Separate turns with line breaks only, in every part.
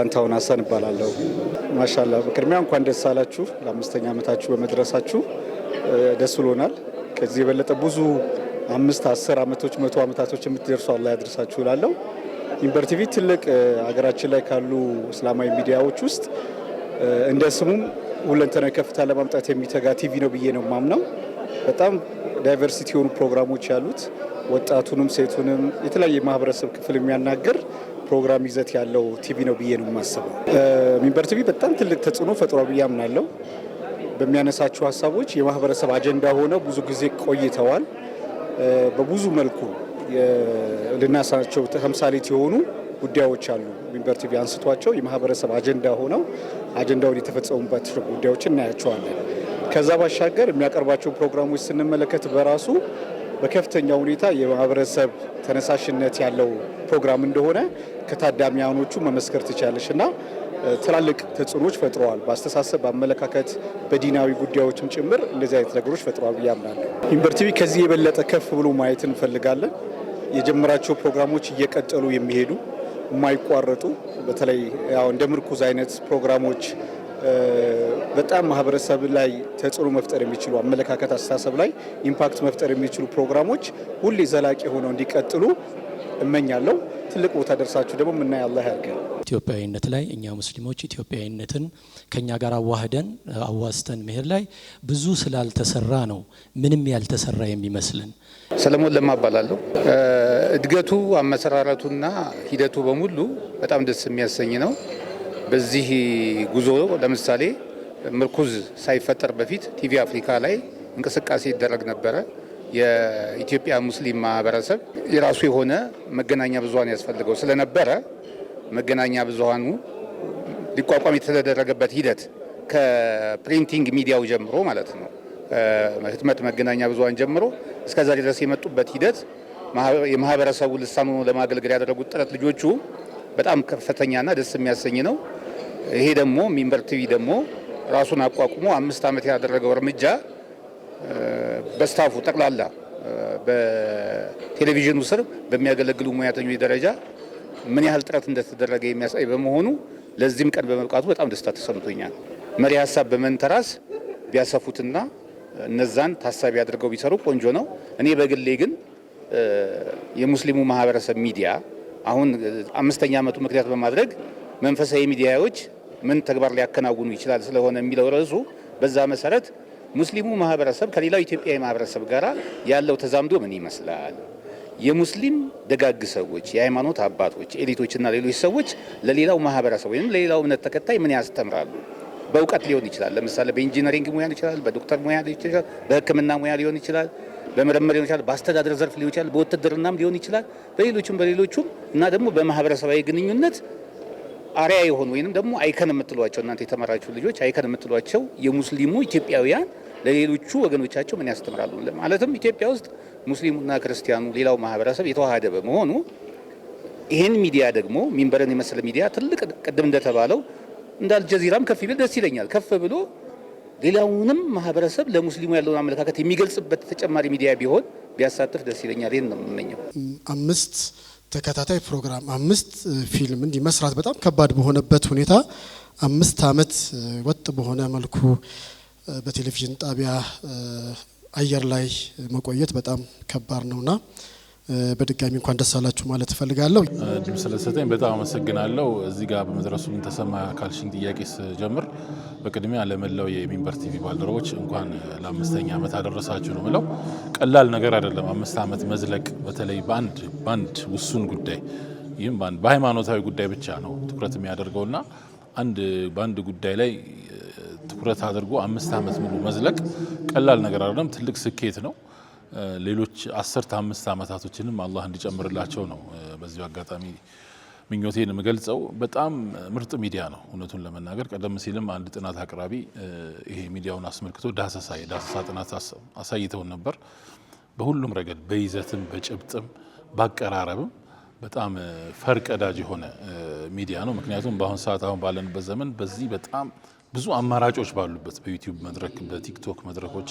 ፋንታውን ሀሰን እባላለሁ። ማሻላ በቅድሚያ እንኳን ደስ አላችሁ ለአምስተኛ ዓመታችሁ በመድረሳችሁ ደስ ብሎናል። ከዚህ የበለጠ ብዙ አምስት አስር ዓመቶች መቶ ዓመታቶች የምትደርሱ አላ ያድርሳችሁ ላለው ሚንበር ቲቪ ትልቅ ሀገራችን ላይ ካሉ እስላማዊ ሚዲያዎች ውስጥ እንደ ስሙም ሁለንተናዊ ከፍታ ለማምጣት የሚተጋ ቲቪ ነው ብዬ ነው ማምነው። በጣም ዳይቨርሲቲ የሆኑ ፕሮግራሞች ያሉት ወጣቱንም ሴቱንም የተለያየ ማህበረሰብ ክፍል የሚያናግር ፕሮግራም ይዘት ያለው ቲቪ ነው ብዬ ነው የማስበው። ሚንበር ቲቪ በጣም ትልቅ ተጽዕኖ ፈጥሯል ብዬ አምናለሁ። በሚያነሳቸው ሀሳቦች የማህበረሰብ አጀንዳ ሆነው ብዙ ጊዜ ቆይተዋል። በብዙ መልኩ ልናሳቸው ተምሳሌት የሆኑ ጉዳዮች አሉ። ሚንበር ቲቪ አንስቷቸው የማህበረሰብ አጀንዳ ሆነው አጀንዳውን የተፈጸሙበት ጉዳዮችን እናያቸዋለን። ከዛ ባሻገር የሚያቀርባቸው ፕሮግራሞች ስንመለከት በራሱ በከፍተኛ ሁኔታ የማህበረሰብ ተነሳሽነት ያለው ፕሮግራም እንደሆነ ከታዳሚያኖቹ መመስከር ትችላለች እና ትላልቅ ተጽዕኖዎች ፈጥረዋል። በአስተሳሰብ፣ በአመለካከት፣ በዲናዊ ጉዳዮችም ጭምር እንደዚህ አይነት ነገሮች ፈጥረዋል ብዬ አምናለሁ። ከዚህ የበለጠ ከፍ ብሎ ማየት እንፈልጋለን። የጀመራቸው ፕሮግራሞች እየቀጠሉ የሚሄዱ የማይቋረጡ በተለይ እንደ ምርኩዝ አይነት ፕሮግራሞች በጣም ማህበረሰብ ላይ ተጽዕኖ መፍጠር የሚችሉ አመለካከት፣ አስተሳሰብ ላይ ኢምፓክት መፍጠር የሚችሉ ፕሮግራሞች ሁሌ ዘላቂ ሆነው እንዲቀጥሉ እመኛለሁ። ትልቅ ቦታ ደርሳችሁ ደግሞ የምናየ አላህ ያድርገን።
ኢትዮጵያዊነት ላይ እኛ ሙስሊሞች ኢትዮጵያዊነትን ከኛ ጋር አዋህደን አዋስተን መሄድ ላይ ብዙ ስላልተሰራ ነው ምንም ያልተሰራ የሚመስልን።
ሰለሞን ለማ እባላለሁ። እድገቱ አመሰራረቱና ሂደቱ በሙሉ በጣም ደስ የሚያሰኝ ነው። በዚህ ጉዞ ለምሳሌ ምርኩዝ ሳይፈጠር በፊት ቲቪ አፍሪካ ላይ እንቅስቃሴ ይደረግ ነበረ። የኢትዮጵያ ሙስሊም ማህበረሰብ የራሱ የሆነ መገናኛ ብዙሀን ያስፈልገው ስለነበረ መገናኛ ብዙሀኑ ሊቋቋም የተደረገበት ሂደት ከፕሪንቲንግ ሚዲያው ጀምሮ ማለት ነው ህትመት መገናኛ ብዙሀን ጀምሮ እስከዛ ድረስ የመጡበት ሂደት የማህበረሰቡ ልሳኑ ለማገልገል ያደረጉት ጥረት ልጆቹ በጣም ከፍተኛና ደስ የሚያሰኝ ነው። ይሄ ደግሞ ሚንበር ቲቪ ደግሞ ራሱን አቋቁሞ አምስት ዓመት ያደረገው እርምጃ በስታፉ ጠቅላላ በቴሌቪዥኑ ስር በሚያገለግሉ ሙያተኞች ደረጃ ምን ያህል ጥረት እንደተደረገ የሚያሳይ በመሆኑ ለዚህም ቀን በመብቃቱ በጣም ደስታ ተሰምቶኛል። መሪ ሀሳብ በመንተራስ ቢያሰፉትና እነዛን ታሳቢ አድርገው ቢሰሩ ቆንጆ ነው። እኔ በግሌ ግን የሙስሊሙ ማህበረሰብ ሚዲያ አሁን አምስተኛ ዓመቱ ምክንያት በማድረግ መንፈሳዊ ሚዲያዎች ምን ተግባር ሊያከናውኑ ይችላል ስለሆነ የሚለው ርዕሱ በዛ መሰረት ሙስሊሙ ማህበረሰብ ከሌላው ኢትዮጵያዊ ማህበረሰብ ጋር ያለው ተዛምዶ ምን ይመስላል? የሙስሊም ደጋግ ሰዎች፣ የሃይማኖት አባቶች፣ ኤሊቶችና ሌሎች ሰዎች ለሌላው ማህበረሰብ ወይም ለሌላው እምነት ተከታይ ምን ያስተምራሉ? በእውቀት ሊሆን ይችላል። ለምሳሌ በኢንጂነሪንግ ሙያ ሊሆን ይችላል፣ በዶክተር ሙያ ሊሆን ይችላል፣ በሕክምና ሙያ ሊሆን ይችላል፣ በምርምር ሊሆን ይችላል፣ በአስተዳደር ዘርፍ ሊሆን ይችላል፣ በውትድርናም ሊሆን ይችላል፣ በሌሎቹም በሌሎቹም እና ደግሞ በማህበረሰባዊ ግንኙነት አሪያ የሆኑ ወይንም ደግሞ አይከን የምትሏቸው እናንተ የተመራችሁ ልጆች አይከን የምትሏቸው የሙስሊሙ ኢትዮጵያውያን ለሌሎቹ ወገኖቻቸው ምን ያስተምራሉ? ማለትም ኢትዮጵያ ውስጥ ሙስሊሙና ክርስቲያኑ ሌላው ማህበረሰብ የተዋሃደ በመሆኑ ይህን ሚዲያ ደግሞ ሚንበረን የመሰለ ሚዲያ ትልቅ ቅድም እንደተባለው እንደ አልጀዚራም ከፍ ቢል ደስ ይለኛል። ከፍ ብሎ ሌላውንም ማህበረሰብ ለሙስሊሙ ያለውን አመለካከት የሚገልጽበት ተጨማሪ ሚዲያ ቢሆን ቢያሳትፍ ደስ ይለኛል። ይህን ነው የምመኘው።
አምስት ተከታታይ ፕሮግራም አምስት ፊልም እንዲህ መስራት በጣም ከባድ በሆነበት ሁኔታ አምስት አመት ወጥ በሆነ መልኩ በቴሌቪዥን ጣቢያ አየር ላይ መቆየት በጣም ከባድ ነውና በድጋሚ እንኳን ደስ አላችሁ ማለት እፈልጋለሁ።
እድል ስለሰጠኝ በጣም አመሰግናለሁ። እዚህ ጋር በመድረሱ ምን ተሰማ ካልሽኝ ጥያቄ ስጀምር በቅድሚያ ለመላው የሚንበር ቲቪ ባልደረቦች እንኳን ለአምስተኛ ዓመት አደረሳችሁ ነው ምለው። ቀላል ነገር አይደለም አምስት ዓመት መዝለቅ፣ በተለይ በአንድ በአንድ ውሱን ጉዳይ ይህም በሃይማኖታዊ ጉዳይ ብቻ ነው ትኩረት የሚያደርገውና አንድ በአንድ ጉዳይ ላይ ትኩረት አድርጎ አምስት ዓመት ሙሉ መዝለቅ ቀላል ነገር አይደለም፣ ትልቅ ስኬት ነው። ሌሎች አስርተ አምስት ዓመታቶችንም አላህ እንዲጨምርላቸው ነው በዚሁ አጋጣሚ ምኞቴን የምገልጸው። በጣም ምርጥ ሚዲያ ነው እውነቱን ለመናገር። ቀደም ሲልም አንድ ጥናት አቅራቢ ይሄ ሚዲያውን አስመልክቶ ዳሰሳ የዳሰሳ ጥናት አሳይተውን ነበር። በሁሉም ረገድ በይዘትም፣ በጭብጥም፣ በአቀራረብም በጣም ፈርቀዳጅ የሆነ ሚዲያ ነው። ምክንያቱም በአሁን ሰዓት አሁን ባለንበት ዘመን በዚህ በጣም ብዙ አማራጮች ባሉበት በዩቲዩብ መድረክ በቲክቶክ መድረኮች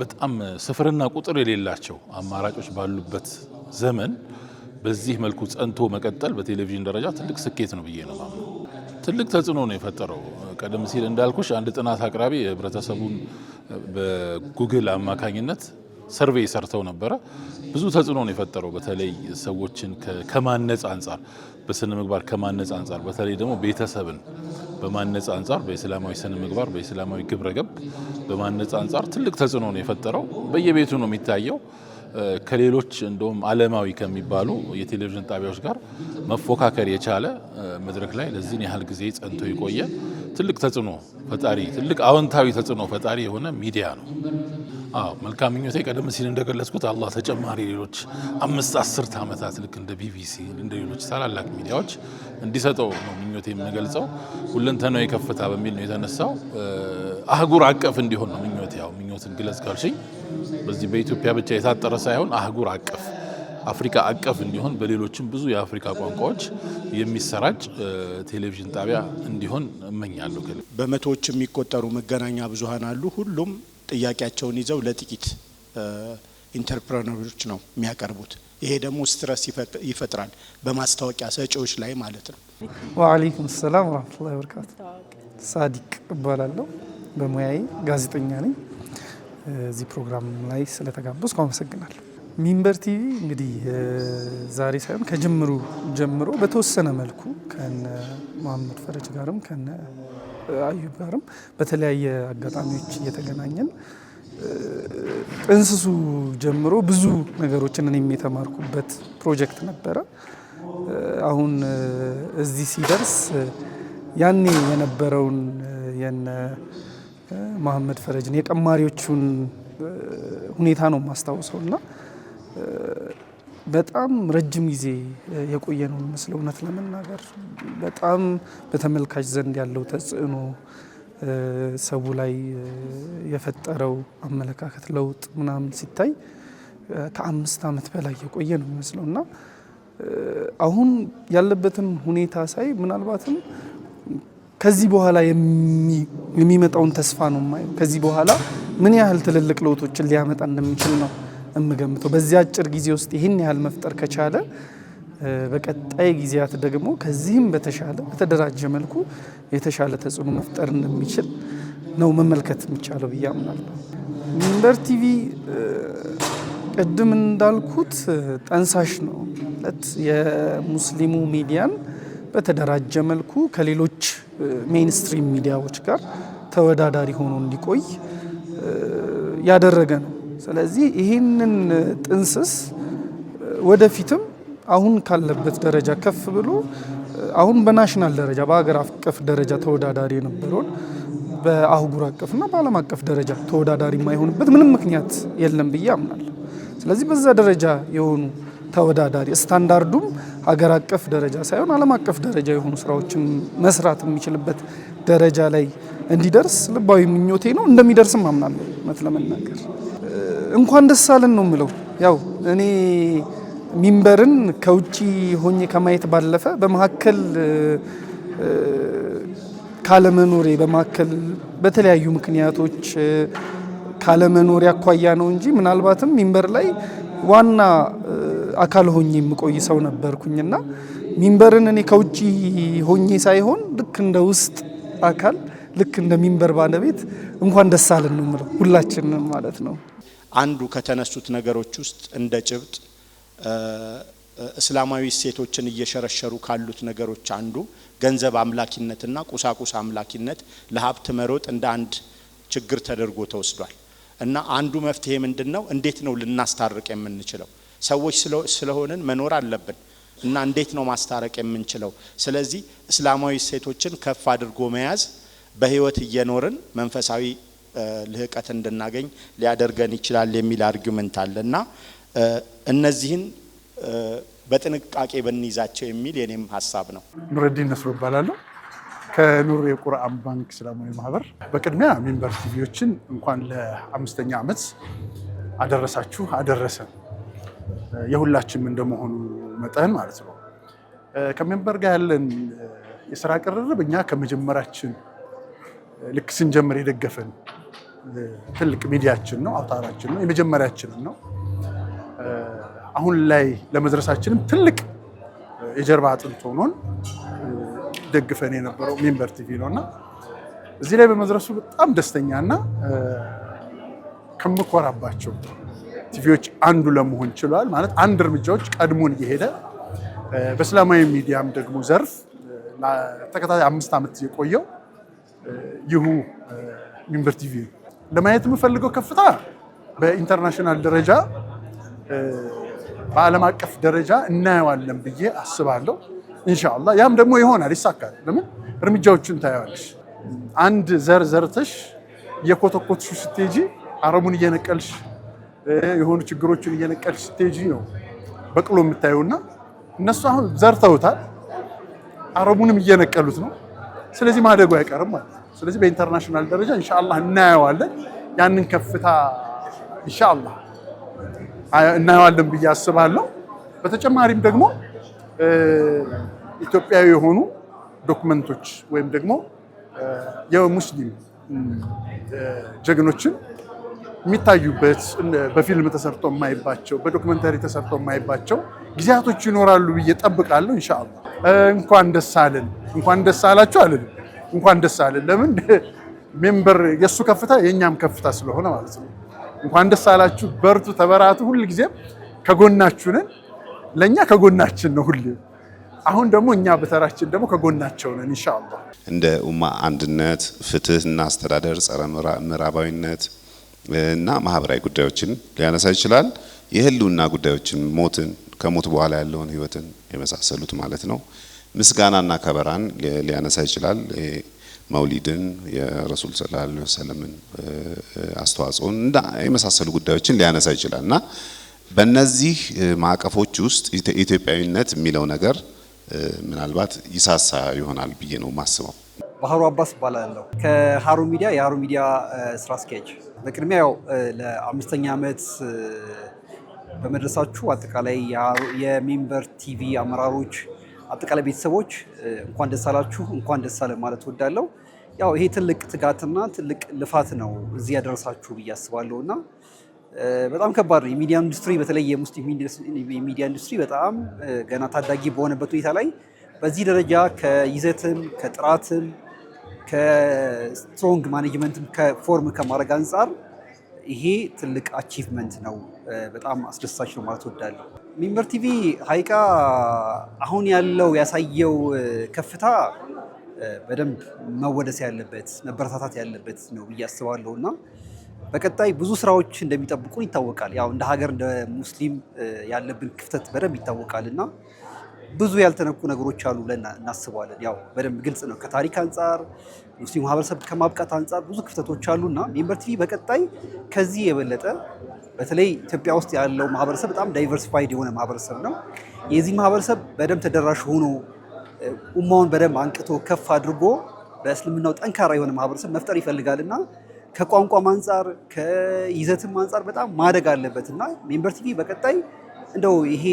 በጣም ስፍርና ቁጥር የሌላቸው አማራጮች ባሉበት ዘመን በዚህ መልኩ ጸንቶ መቀጠል በቴሌቪዥን ደረጃ ትልቅ ስኬት ነው ብዬ ነው ትልቅ ተጽዕኖ ነው የፈጠረው። ቀደም ሲል እንዳልኩሽ አንድ ጥናት አቅራቢ የህብረተሰቡን በጉግል አማካኝነት ሰርቬይ ሰርተው ነበረ። ብዙ ተጽዕኖ ነው የፈጠረው። በተለይ ሰዎችን ከማነጽ አንጻር፣ በስነ ምግባር ከማነጽ አንጻር፣ በተለይ ደግሞ ቤተሰብን በማነጽ አንጻር፣ በእስላማዊ ስነ ምግባር፣ በእስላማዊ ግብረ ገብ በማነጽ አንጻር ትልቅ ተጽዕኖ ነው የፈጠረው። በየቤቱ ነው የሚታየው። ከሌሎች እንደውም ዓለማዊ ከሚባሉ የቴሌቪዥን ጣቢያዎች ጋር መፎካከር የቻለ መድረክ ላይ ለዚህን ያህል ጊዜ ጸንቶ ይቆየ ትልቅ ተጽዕኖ ፈጣሪ ትልቅ አዎንታዊ ተጽዕኖ ፈጣሪ የሆነ ሚዲያ ነው። አዎ መልካም ምኞቴ ቀደም ሲል እንደገለጽኩት አላህ ተጨማሪ ሌሎች አምስት አስርት ዓመታት ልክ እንደ ቢቢሲ እንደ ሌሎች ታላላቅ ሚዲያዎች እንዲሰጠው ነው ምኞቴ የምገልጸው። ሁለንተናዊ ከፍታ በሚል ነው የተነሳው። አህጉር አቀፍ እንዲሆን ነው ምኞቴ። ያው ምኞትን ግለጽ ካልሽኝ በዚህ በኢትዮጵያ ብቻ የታጠረ ሳይሆን አህጉር አቀፍ አፍሪካ አቀፍ እንዲሆን በሌሎችም ብዙ የአፍሪካ ቋንቋዎች የሚሰራጭ ቴሌቪዥን ጣቢያ እንዲሆን እመኛለሁ።
በመቶዎች የሚቆጠሩ መገናኛ ብዙሀን አሉ። ሁሉም ጥያቄያቸውን ይዘው ለጥቂት ኢንተርፕረነሮች ነው የሚያቀርቡት። ይሄ ደግሞ ስትረስ ይፈጥራል፣ በማስታወቂያ ሰጪዎች ላይ ማለት ነው።
ወአለይኩም ሰላም ወረህመቱላሂ ወበረካቱ። ሳዲቅ እባላለሁ። በሙያዬ ጋዜጠኛ ነኝ። እዚህ ፕሮግራም ላይ ስለተጋበዝኩ አመሰግናለሁ። ሚንበር ቲቪ እንግዲህ ዛሬ ሳይሆን ከጅምሩ ጀምሮ በተወሰነ መልኩ ከነ መሐመድ ፈረጅ ጋርም ከነ አዩብ ጋርም በተለያየ አጋጣሚዎች እየተገናኘን ጥንስሱ ጀምሮ ብዙ ነገሮችን እኔም የተማርኩበት ፕሮጀክት ነበረ። አሁን እዚህ ሲደርስ ያኔ የነበረውን የነ መሐመድ ፈረጅን የቀማሪዎቹን ሁኔታ ነው የማስታውሰው እና በጣም ረጅም ጊዜ የቆየ ነው የሚመስለው። እውነት ለመናገር በጣም በተመልካች ዘንድ ያለው ተጽዕኖ ሰው ላይ የፈጠረው አመለካከት ለውጥ ምናምን ሲታይ ከአምስት ዓመት በላይ የቆየ ነው የሚመስለው እና አሁን ያለበትን ሁኔታ ሳይ ምናልባትም ከዚህ በኋላ የሚመጣውን ተስፋ ነው የማየው። ከዚህ በኋላ ምን ያህል ትልልቅ ለውጦችን ሊያመጣ እንደሚችል ነው እምገምተው በዚህ አጭር ጊዜ ውስጥ ይህን ያህል መፍጠር ከቻለ በቀጣይ ጊዜያት ደግሞ ከዚህም በተሻለ በተደራጀ መልኩ የተሻለ ተጽዕኖ መፍጠር እንደሚችል ነው መመልከት የሚቻለው ብዬ አምናለሁ። ቲቪ ቅድም እንዳልኩት ጠንሳሽ ነው ማለት የሙስሊሙ ሚዲያን በተደራጀ መልኩ ከሌሎች ሜይንስትሪም ሚዲያዎች ጋር ተወዳዳሪ ሆኖ እንዲቆይ ያደረገ ነው። ስለዚህ ይህንን ጥንስስ ወደፊትም አሁን ካለበት ደረጃ ከፍ ብሎ አሁን በናሽናል ደረጃ በሀገር አቀፍ ደረጃ ተወዳዳሪ የነበረውን በአህጉር አቀፍና በዓለም አቀፍ ደረጃ ተወዳዳሪ የማይሆንበት ምንም ምክንያት የለም ብዬ አምናለሁ። ስለዚህ በዛ ደረጃ የሆኑ ተወዳዳሪ ስታንዳርዱም ሀገር አቀፍ ደረጃ ሳይሆን ዓለም አቀፍ ደረጃ የሆኑ ስራዎችን መስራት የሚችልበት ደረጃ ላይ እንዲደርስ ልባዊ ምኞቴ ነው። እንደሚደርስም አምናለሁ እውነት ለመናገር እንኳን ደስ አለን ነው የምለው። ያው እኔ ሚንበርን ከውጭ ሆኜ ከማየት ባለፈ በመካከል ካለመኖሬ በመካከል በተለያዩ ምክንያቶች ካለመኖሬ አኳያ ነው እንጂ ምናልባትም ሚንበር ላይ ዋና አካል ሆኜ የምቆይ ሰው ነበርኩኝና ሚንበርን እኔ ከውጭ ሆኜ ሳይሆን ልክ እንደ ውስጥ አካል ልክ እንደ ሚንበር ባለቤት እንኳን ደስ አለን ነው የምለው ሁላችንን ማለት ነው።
አንዱ ከተነሱት ነገሮች ውስጥ እንደ ጭብጥ እስላማዊ እሴቶችን እየሸረሸሩ ካሉት ነገሮች አንዱ ገንዘብ አምላኪነትና ቁሳቁስ አምላኪነት ለሀብት መሮጥ እንደ አንድ ችግር ተደርጎ ተወስዷል እና አንዱ መፍትሄ ምንድን ነው? እንዴት ነው ልናስታርቅ የምንችለው? ሰዎች ስለሆንን መኖር አለብን እና እንዴት ነው ማስታረቅ የምንችለው? ስለዚህ እስላማዊ እሴቶችን ከፍ አድርጎ መያዝ በህይወት እየኖርን መንፈሳዊ ልህቀት እንድናገኝ ሊያደርገን ይችላል የሚል አርጊመንት አለ እና እነዚህን በጥንቃቄ ብንይዛቸው የሚል የኔም ሀሳብ ነው።
ኑረዲን ነስሮ ይባላለሁ ከኑር የቁርአን ባንክ እስላማዊ ማህበር። በቅድሚያ ሚንበር ቲቪዎችን እንኳን ለአምስተኛ ዓመት አደረሳችሁ አደረሰን። የሁላችንም እንደመሆኑ መጠን ማለት ነው። ከሚንበር ጋር ያለን የስራ ቅርርብ እኛ ከመጀመራችን ልክ ስንጀምር የደገፈን ትልቅ ሚዲያችን ነው፣ አውታራችን ነው፣ የመጀመሪያችንን ነው። አሁን ላይ ለመድረሳችንም ትልቅ የጀርባ አጥንት ሆኖን ደግፈን የነበረው ሜምበር ቲቪ ነው እና እዚህ ላይ በመድረሱ በጣም ደስተኛ እና ከምኮራባቸው ቲቪዎች አንዱ ለመሆን ችሏል። ማለት አንድ እርምጃዎች ቀድሞን እየሄደ በእስላማዊ ሚዲያም ደግሞ ዘርፍ ተከታታይ አምስት ዓመት የቆየው ይሁ ሜምበር ቲቪ ነው። ለማየት የምፈልገው ከፍታ በኢንተርናሽናል ደረጃ በዓለም አቀፍ ደረጃ እናየዋለን ብዬ አስባለሁ። እንሻላ ያም ደግሞ ይሆናል፣ ይሳካል። ለምን እርምጃዎቹን ታየዋለሽ። አንድ ዘር ዘርተሽ እየኮተኮትሽ ስትሄጂ አረሙን እየነቀልሽ የሆኑ ችግሮችን እየነቀልሽ ስትሄጂ ነው በቅሎ የምታየውና እነሱ አሁን ዘርተውታል፣ አረሙንም እየነቀሉት ነው። ስለዚህ ማደጉ አይቀርም ማለት ነው። ስለዚህ በኢንተርናሽናል ደረጃ ኢንሻአላህ እናየዋለን። ያንን ከፍታ ኢንሻአላህ እናየዋለን ብዬ አስባለሁ። በተጨማሪም ደግሞ ኢትዮጵያዊ የሆኑ ዶክመንቶች ወይም ደግሞ የሙስሊም ጀግኖችን የሚታዩበት በፊልም ተሰርቶ የማይባቸው በዶክመንተሪ ተሰርቶ የማይባቸው ጊዜያቶች ይኖራሉ ብዬ ጠብቃለሁ። እንሻላ እንኳን ደስ አለን፣ እንኳን ደስ አላችሁ አለን፣ እንኳን ደስ አለን። ለምን ሜምበር የእሱ ከፍታ የእኛም ከፍታ ስለሆነ ማለት ነው። እንኳን ደስ አላችሁ፣ በርቱ፣ ተበራቱ። ጊዜም ከጎናችሁ ነን። ለእኛ ከጎናችን ነው ሁሌ አሁን ደግሞ እኛ በተራችን ደግሞ ከጎናቸው ነን። ኢንሻአላህ
እንደ ኡማ አንድነት፣ ፍትህ እና አስተዳደር፣ ጸረ ምዕራባዊነት እና ማህበራዊ ጉዳዮችን ሊያነሳ ይችላል። የህልውና ጉዳዮችን፣ ሞትን፣ ከሞት በኋላ ያለውን ህይወትን የመሳሰሉት ማለት ነው። ምስጋናና ከበራን ሊያነሳ ይችላል። መውሊድን፣ የረሱል ሰለላሁ ላ ወሰለምን አስተዋጽኦን እና የመሳሰሉ ጉዳዮችን ሊያነሳ ይችላል እና በእነዚህ ማዕቀፎች ውስጥ ኢትዮጵያዊነት የሚለው ነገር ምናልባት ይሳሳ ይሆናል ብዬ ነው ማስበው።
ባህሩ አባስ እባላለሁ ከሀሩ ሚዲያ የሀሩ ሚዲያ ስራ አስኪያጅ በቅድሚያ ያው ለአምስተኛ ዓመት በመድረሳችሁ አጠቃላይ የሜምበር ቲቪ አመራሮች፣ አጠቃላይ ቤተሰቦች እንኳን ደስ አላችሁ፣ እንኳን ደስ አለ ማለት ወዳለው። ያው ይሄ ትልቅ ትጋትና ትልቅ ልፋት ነው እዚህ ያደረሳችሁ ብዬ አስባለሁ እና በጣም ከባድ ነው። የሚዲያ ኢንዱስትሪ በተለይ የሙስ የሚዲያ ኢንዱስትሪ በጣም ገና ታዳጊ በሆነበት ሁኔታ ላይ በዚህ ደረጃ ከይዘትም ከጥራትም ከስትሮንግ ማኔጅመንት ፎርም ከማድረግ አንጻር ይሄ ትልቅ አቺቭመንት ነው። በጣም አስደሳች ነው ማለት ወዳለሁ። ሚንበር ቲቪ ሀይቃ አሁን ያለው ያሳየው ከፍታ በደንብ መወደስ ያለበት መበረታታት ያለበት ነው ብዬ አስባለሁ እና በቀጣይ ብዙ ስራዎች እንደሚጠብቁን ይታወቃል። ያው እንደ ሀገር እንደ ሙስሊም ያለብን ክፍተት በደንብ ይታወቃል እና ብዙ ያልተነኩ ነገሮች አሉ ብለን እናስበዋለን። ያው በደንብ ግልጽ ነው። ከታሪክ አንጻር ሙስሊም ማህበረሰብ ከማብቃት አንጻር ብዙ ክፍተቶች አሉና ሜምበር ቲቪ በቀጣይ ከዚህ የበለጠ በተለይ ኢትዮጵያ ውስጥ ያለው ማህበረሰብ በጣም ዳይቨርሲፋይድ የሆነ ማህበረሰብ ነው። የዚህ ማህበረሰብ በደንብ ተደራሽ ሆኖ ኡማውን በደንብ አንቅቶ ከፍ አድርጎ በእስልምናው ጠንካራ የሆነ ማህበረሰብ መፍጠር እና ከቋንቋም አንጻር ከይዘትም አንጻር በጣም ማደግ አለበት እና ሜምበር ቲቪ በቀጣይ እንደው ይሄ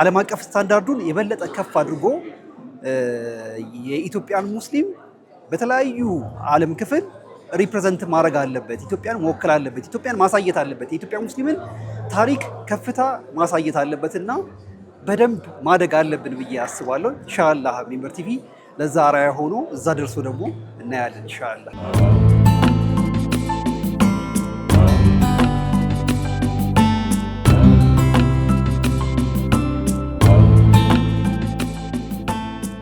ዓለም አቀፍ ስታንዳርዱን የበለጠ ከፍ አድርጎ የኢትዮጵያን ሙስሊም በተለያዩ ዓለም ክፍል ሪፕሬዘንት ማድረግ አለበት። ኢትዮጵያን መወከል አለበት። ኢትዮጵያን ማሳየት አለበት። የኢትዮጵያ ሙስሊምን ታሪክ ከፍታ ማሳየት አለበት እና በደንብ ማደግ አለብን ብዬ አስባለሁ። ኢንሻአላህ ሚንበር ቲቪ ለዛ አርአያ ሆኖ እዛ ደርሶ ደግሞ እናያለን ኢንሻአላህ።